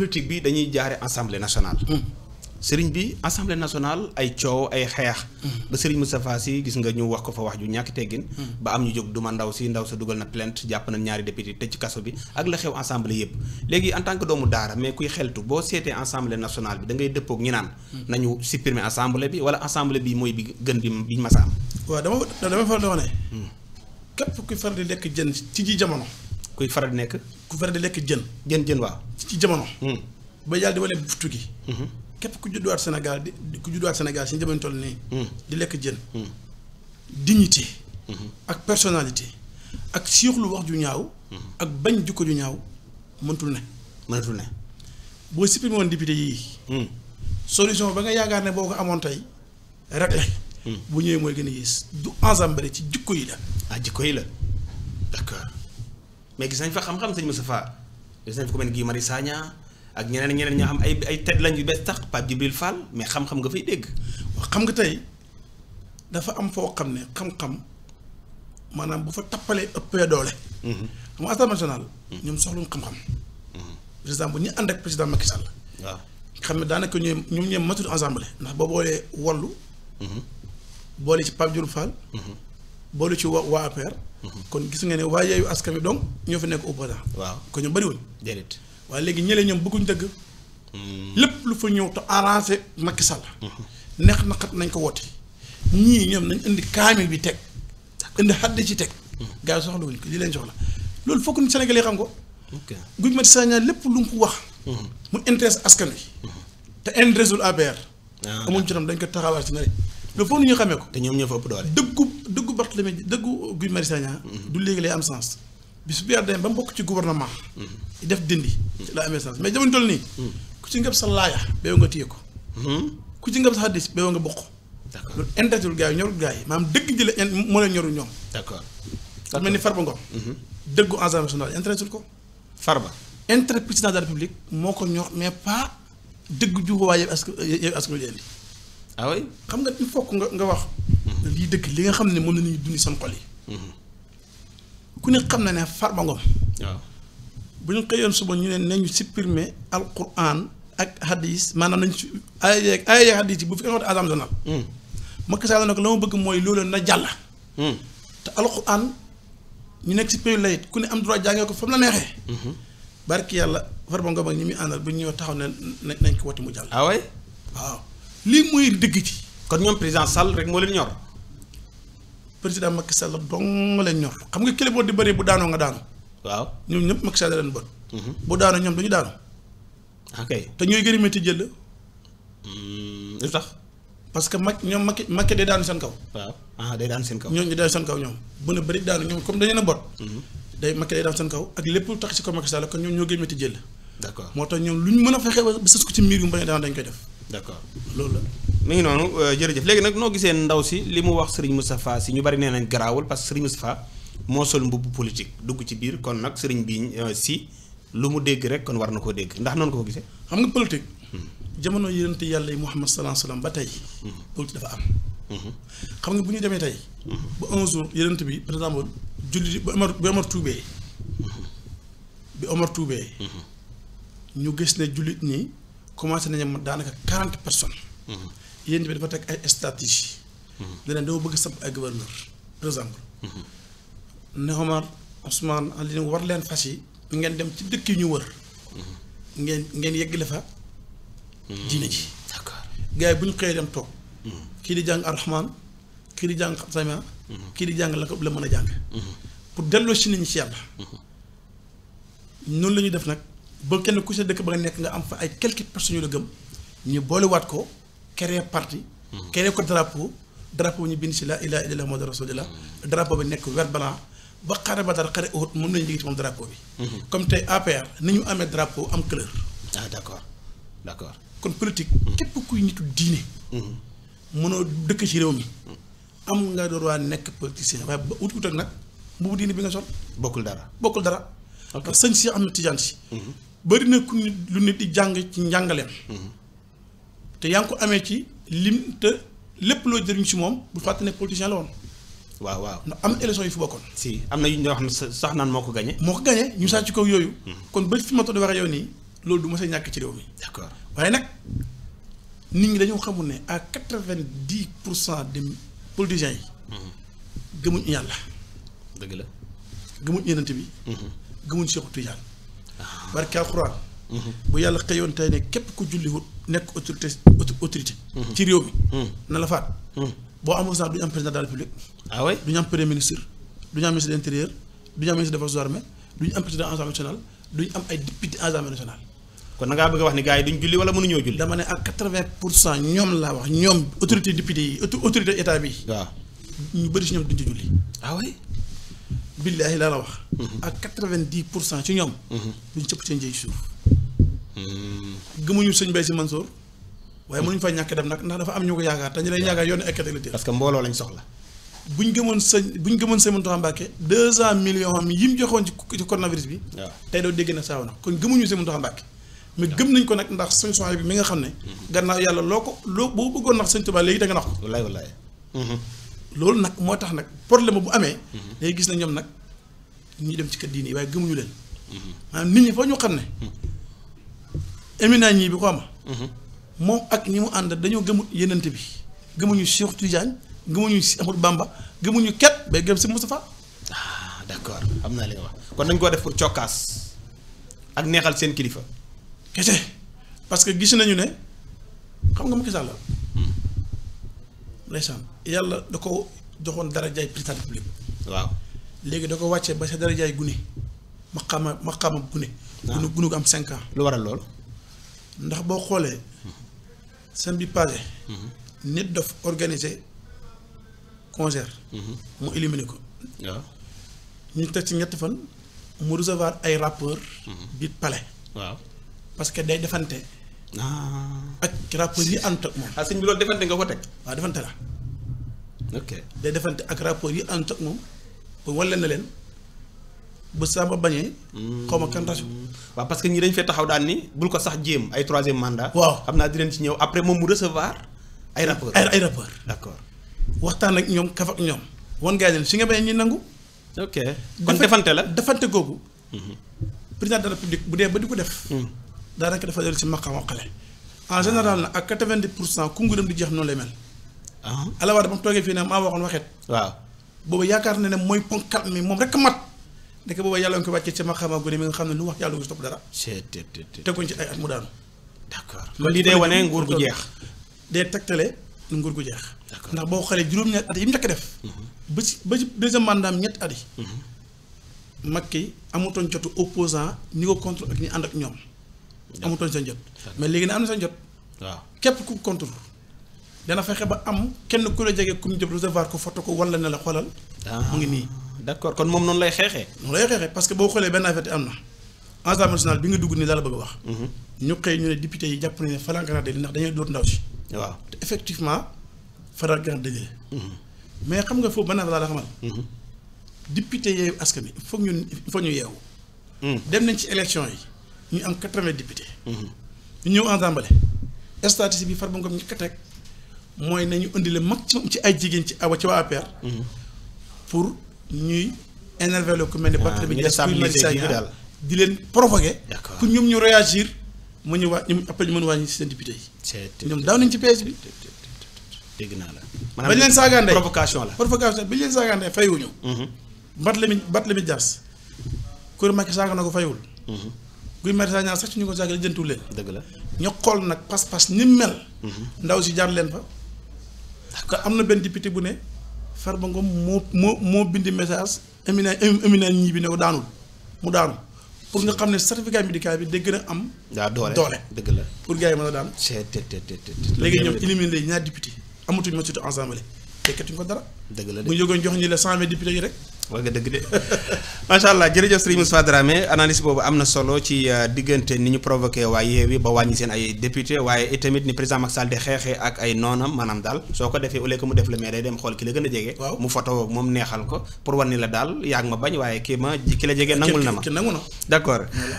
politique bi dañuy jaare assemblée nationale. Hmm. sëriñ bi assemblée nationale ay coow ay xeex. Hmm. ba sëriñ Moustapha Sy gis nga ñu wax ko fa wax ju ñàkk teggin. Hmm. ba am ñu jóg duma ndaw si ndaw sa dugal na plainte jàpp na ñaari député tëj kaso bi ak la xew assemblée yëpp. léegi en tant que doomu daara mais kuy xeltu boo seetee assemblée nationale bi da ngay dëppoog ñi naan. nañu supprimer assemblée bi wala assemblée bi mooy bi gën bi biñ masa am. waaw dama dama faral di ne. képp ku fere di lekk jën. jën jën waaw. ci jamono. Hmm. ba yàlla di wane buftu gi. Hmm. képp ku judduwaat Sénégal di ku judduwaat Sénégal si jamono toll nii. Hmm. di lekk jën. dignité. ak personnalité. ak siixlu wax ju ñaaw. ak bañ jukko ju ñaaw mëntul ne. mënatul ne boo supprimé woon député yii. solution ba nga yaakaar ne boo ko amoon tey rek la. bu ñëwee mooy gën a gis du ensemble ci jikko yi la. ah jikko yi la mais gis fa xam-xam sëñ Moustapha gis faa fa ku mel ni Guy Marius Sagna ak ñeneen ñeneen ñoo xam ay ay tedd lañ yu bees tax Pape Djibril Fall mais xam-xam nga fay dégg. waaw xam nga tey dafa am foo xam ne xam-xam maanaam bu fa tappalee ëppee doole. Mhm. xam mhm. ñoom soxluñ xam-xam. Mhm. président bu ñu ànd ak président Macky Sall. waaw xam ne daanaka ñoom ñoom ñoom matul assemblée ndax boo boolee wollu boole ci Pape Djibril Fall. boolu ci wa waa APR. kon gis nga ne waa yeeyu askan wi donc ñoo fi nekk opposant waaw ko ñoom bëriwuñ déedéet waaye léegi ñële ñoom bëgguñ dëgg hmm. lépp lu fa ñëw te arrangé Macky Sall neex naqat nañ ko woote ñii ñoom nañ indi kaamil bi teg indi xadd ci teg gaa yi soxla wuñ ko li leen loolu fokk ñu Sénégal xam ko Guy Marius Sagna lépp lu mu ko wax mu intéresse askan wi te intéresse wul APR ah, amuñ ci dañ ko taxawaat si nga ne loolu foofu ñu xamee ko te ñoom ñoo fa ëpp doole Barthélémy dëggu Guy Marius du léegi lay am sens bis bu yàlla ba mu bokk ci gouvernement def dindi la am sens mais jamono toll nii ku ci ngëb sa laaya béyow nga téye ko ku ci ngëb sa xaddis béyow nga bokk d'accord loolu intellectuel gars yi ñorul dëgg ji la moo leen ñorul ñoom d'accord ni Farba Ngom mhm. dëggu Assemblée nationale intellectuel ko Farba intérêt président de la moo ko ñor mais pas dëgg ju waaye askan askan wi indi ah oui xam nga il faut nga nga wax lii dëkk li nga xam ne moom la ñuy dundi seen xol yi. ku ne xam na ne Farba waaw bu ñu xëyoon suba ñu ne nañu supprimer alquran ak hadis maanaam nañ ci ay yeeg ay yeeg hadis yi bu fi amoon assemblée nationale. Hmm. Macky Sall nag la ma bëgg mooy loolu na jàll. Hmm. te alquran ñu nekk si pays la ku ne am droit jàngee ko fa mu la neexee. Hmm. barki yàlla Farba Ngom ak ñi muy àndal bu ñu ñëw taxaw ne nañ ko wati mu jàll. ah lii mooy dëgg ci. kon ñoom président Sall rek moo leen ñor. président Macky Sall dong leen ñor xam nga kële boot di bëri bu daanoo nga daanu. waaw ñoom ñëpp Macky Sall leen bon. Mhm. bu daanoo ñoom dañu ñu daanu. ok ñooy gën a jël. Mm, tax. parce que Macky ñoom Macky Macky day daanu seen kaw. waaw ah day daanu seen kaw. ñoom ñu daanu seen kaw ñoom bu ne bëri daanu ñoom comme dañu ne bot. Mhm. day Macky day daanu seen kaw ak lépp lu tax si ko Macky Sall kon ñoom ñoo gën a métti jël. d'accord moo tax ñoom lu ñu mën a fexe ba sës ko ci miir yu mu bañ a dañ koy def. d'accord loolu la. mi ngi noonu euh, jërëjëf léegi nag noo gisee ndaw si li mu wax Serigne Moustapha si ñu bari nee nañ garaawul parce que Serigne Moustapha moo sol mbubbu politique dugg ci biir kon nag Serigne bi euh, si lu mu dégg rek kon war na koo dégg ndax noonu ko ko gisee. xam nga politique. Hmm. jamono yonent yàlla yi Muhammad sallallahu alayhi wasallam ba tey. Hmm. politique dafa am. Hmm. xam nga bu ñu demee tey. ba un jour yonent bi par exemple julli ba Omar bi Omar tuubee. bi Omar tuubee. ñu gis ne jullit ñi commencé nañu daanaka quarante personnes. yéen bi dafa teg ay stratégie leneen hmm. dama bëgg sab ay gouverneur par exemple hmm. ne Omar Ousmane Ali war leen fas yi ngeen dem ci dëkk yi ñu wër hmm. ngeen ngeen yeggale fa diine ji d'accord gars yi bu ñu xëyee dem toog kii di jàng arrahman kii di jàng samia kii di jàng la ko la mën a jàng pour delloo si nañu si yàlla noonu la def nag ba kenn ku si dëkk ba nga nekk nga am fa ay quelques personnes yu gëm ñu boolewaat ko créer parti. créer ko drapeau drapeau ñu bind si la ilaha illallah muhammadu rasulillah drapeau bi nekk vert blanc ba xare ba dara xare Uhud moom lañu jege ci moom drapeau bi. Mhm. comme tey APR ni ñu amee drapeau am couleur. Ah, d' accord kon politique. Mhm. képp kuy nitu diine. Mhm. dëkk ci mi. am nga door waa nekk politicien waaye ba ut ut nag mbubu diine bi nga sol. bokkul dara bokkul dara. parce que sëñ si am na tijaan si. bari na ku nit lu nit di jàng ci njàngaleem. te yaa ngi ko amee ci lim te lépp loo jëriñ si moom bu fàtte ne politicien la woon. waaw waaw ndax am na élection fi bokkoon. si am na yu ñu wax ne sax naan moo ko gagné. moo ko gagné ñu sàcc ko yooyu. Hmm. kon ba fi ma toll wax yow nii loolu du ma sa ñàkk ci réew mi. d'accord waaye nag nit ñi dañoo xamul ne à quatre-vingt-dix pour cent dem politiciens yi. Hmm. gëmuñ yàlla. dëgg la gëmuñ yonent bi. Hmm. gëmuñ Seexu Tijaan. Ah. barke Alxuraan bu yàlla xëyoon tey ne képp ku julliwut nekk autorité autorité. Mhm. ci réew mi. Mhm. na la faat. Mhm. boo amul sax du ñu am président de la république. ah am premier ministre du ñu am ministre de l'intérieur du ñu am ministre des forces armées du ñu am président assemblée duñ du ñu am ay député assemblée nationale. kon na ngaa bëgg a wax ni gars yi duñ julli wala mënuñoo julli. dama ne ak quatre-vingt pour cent ñoom laa wax ñoom autorité député yi autorité état bi. ñu bëri si ñoom duñ ci julli. ah oui. billaahi laa la wax. ak quatre-vingt-dix pour cent ci ñoom. duñ gëmuñu sëñ Bay Si Mansour waaye mënuñu faa ñàkk dem nag ndax dafa am ñu ko yaakaar te ñu leen yaakaar yoon ekkatalite parce que mbooloo lañ soxla bu ñu gëmoon sëñ bu ñu gëmoon sëñ Mountakha Mbacké deux cent millions am yi joxoon ci coronavirus bi tey doo dégg na saaw na nañ ko nag ndax suñu soxla bi mi nga xam ne mm-hmm. gannaaw yàlla loo ko loo boo bëggoon nax sëñ Tuubaa léegi da nga nax mm-hmm. loolu nag moo tax nag problème bu amee mm-hmm. léegi gis na ñoom nag ñuy dem ci kër diine yi waaye gëmuñu leen maanaam nit ñi fa ñu xam ne éminent ñii bi ko ama mhm. moom ak ñi mu ànd dañoo gëmut yenent bi gëmuñu Cheikh Tidiane gëmuñu si Amadou Bamba gëmuñu ket bay gëm si Moustapha ah d'accord am naa li nga wax kon dañ koo def pour cokkaas ak neexal seen kilifa kese parce que gis nañu ne xam nga Macky Sall la hmm. yàlla da ko joxoon darajaay président public waaw léegi da ko wàccee ba sa darajaay gune maqaama maqaama gune gune gune gu am cinq ans lu waral loolu ndax boo xoolee seen bi passé nit daf organiser concert mu éliminer ko ñu teg ci ñetti fan mu recevoir ay rappeur mm-hmm. bi pale waaw parce que day defante ah. ak rappeur yi ànd ak moom ah sëñ bi defante nga ko teg waaw defante la ok day defante ak rappeur yi ànd ak moom pour walla na leen ba samba bañee. xaw ma kan rajo. Mm. parce que ñi dañ fee taxaw daan ni bul ko sax jéem ay troisième mandat. waaw xam naa dinañ ci ñëw après moom mu recevoir. ay rappeurs ay ay d'accord waxtaan ak ñoom kaf ñoom. wan ngaa leen si nga bañee ñi nangu. ok kon defante la defante googu. Mm-hmm. président de la république bu dee ba di ko def. Mm. daanaka dafa dellu si maqaama xale. en général na ak quatre-vingt-dix pour cent kunguram di jeex noonu lay mel. Ah. alawaat ba mu toogee fii ne maa waxoon waxeet. waaw boobu yaakaar na ne mooy ponkal mi moom rek mat. ndeke booba yàlla nga ko wàccee ci maqaama gone mi nga xam ne lu wax yàlla nga si topp dara teg ci ay at mu daanu d'accord loolu lii day wane nguur gu jeex day tegtale nguur gu jeex ndax boo xoolee juróom-ñaari at yi mu njëkk def mhm. ba si ba si deuxième mandat ñetti at yi mhm. Macky amutoon jotu opposant ñi ko contre ñoom amutoon seen jot mais léegi ne am na seen jot waaw képp ku contre dana fexe ba am kenn ku la jege ku mu jëm recevoir ko foto ko wala ne la xoolal ah. mu ngi nii d'accord kon moom noonu lay xeexee. noonu lay xeexee parce que boo xoolee benn affaire am na ensemble national bi nga dugg nii laa la bëgg a wax. Mhm. ñu xëy ñu ne député yi jàpp nañu ne Fara Gana Delie ndax dañuy dóor ndaw si. waaw te effectivement Fara Gana Delie. mais xam nga foofu benn affaire laa la xamal. Mhm. député yeewu askan wi foog ñu foog ñu yeewu. Mhm. dem nañ ci élection yi ñu am quatre-vingts députés. ñu ñëw ensemble statistique bi Farba Ngom ñu ko teg mooy nañu indi le maximum ci ay jigéen ci awa ci waa ñuy énervé la ku mel ne ah, Barthélémy Dias daal di leen provoqué pour ñu réagir mu ñu ñu après ñu mën wàññi seen député yi ñoom daaw nañ ci bi dégg naa la maanaam bañ leen saagaandee provocation la provocation bañ leen saagaandee fayuñu mm-hmm. Barthélémy Barthélémy Dias kuréel Macky saaga na ko fayul mm-hmm. guy mari saa ñaar sax ci ñu ko saaga la jëntuwul leen dëgg la ñu xool nag pas-pas ni mel mm-hmm. ndaw si jaar leen fa am na benn député bu ne Farba Ngom moo moo moo bindi message éminent éminent ñi bi ne ko daanul mu daanu pour nga xam ne certificat médical bi day gën a am. waaw doole doole dëgg la pour gars yi mën a daan. léegi ñoom éliminé ñaar député amatuñ ma surtout ensemble tekkatuñu ko dara. dëgg la bu ñu jox ñi la cent vingt député yi rek. wax nga dëgg de macha allah jërëjëf Serigne Moustapha Dramé analyse boobu am na solo ci euh, diggante ni ñu provoqué waa Yewwi ba wàññi seen ay député waaye itamit ni président Macky Sall di xeexee ak ay noonam maanaam daal soo ko defee au lieu mu def la mais day dem xool ki la gën a jege. mu foto moom neexal ko pour wan ni la daal yaa ma bañ waaye kii ma ki la jege nangul na ma. d' accord.